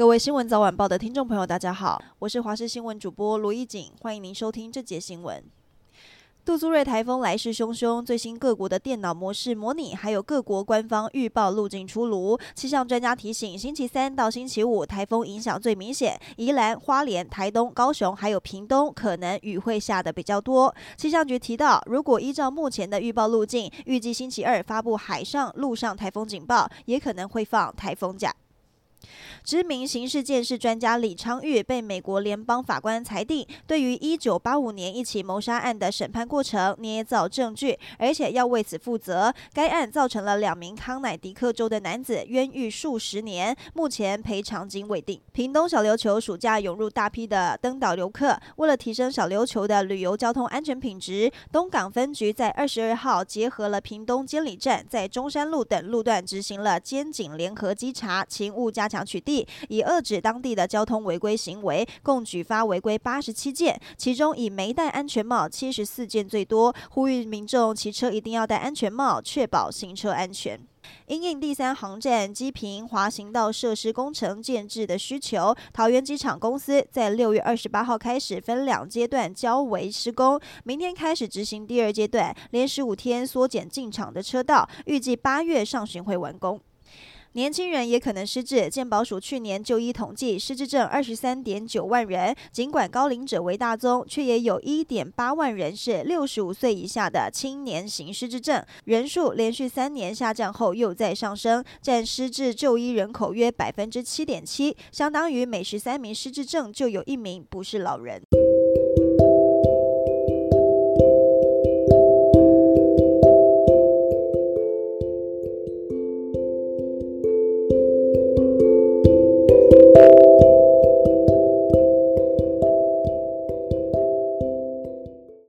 各位新聞早晚報的聽眾朋友，大家好，我是華視新聞主播盧一錦，歡迎您收聽這節新聞。杜蘇芮颱風來勢洶洶，最新各國的電腦模式模擬，還有各國官方預報路徑出爐。氣象專家提醒，星期三到星期五颱風影響最明顯，宜蘭、花蓮、台東、高雄還有屏東，可能雨會下得比較多。氣象局提到，如果依照目前的預報路徑，預計星期二發布海上、陸上颱風警報，也可能會放颱風假。知名刑事鑑識專家李昌鈺被美國聯邦法官裁定，對於一九八五年一起謀殺案的審判過程捏造證據，而且要為此負責。該案造成了兩名康乃狄克州的男子冤獄數十年，目前賠償金未定。屏東小琉球暑假湧入大批的登島遊客，為了提升小琉球的旅遊交通安全品質，東港分局在二十二號結合了屏東監理站，在中山路等路段執行了監警聯合稽查勤務加強取締，以遏止當地的交通違規行為，共舉發違規八十七件，其中以沒戴安全帽七十四件最多，呼籲民眾騎車一定要戴安全帽，確保行車安全。因應第三航站機坪滑行道設施工程建置的需求，桃園機場公司在六月二十八號開始分兩階段交維施工，明天開始執行第二階段，連十五天縮減進場的車道，預計八月上旬會完工。年輕人也可能失智。健保署去年就醫統計，失智症二十三點九萬人。儘管高齡者為大宗，卻也有一點八萬人是六十五歲以下的青年型失智症，人數連續三年下降後又再上升，占失智就醫人口約百分之七點七，相當於每十三名失智症就有一名不是老人。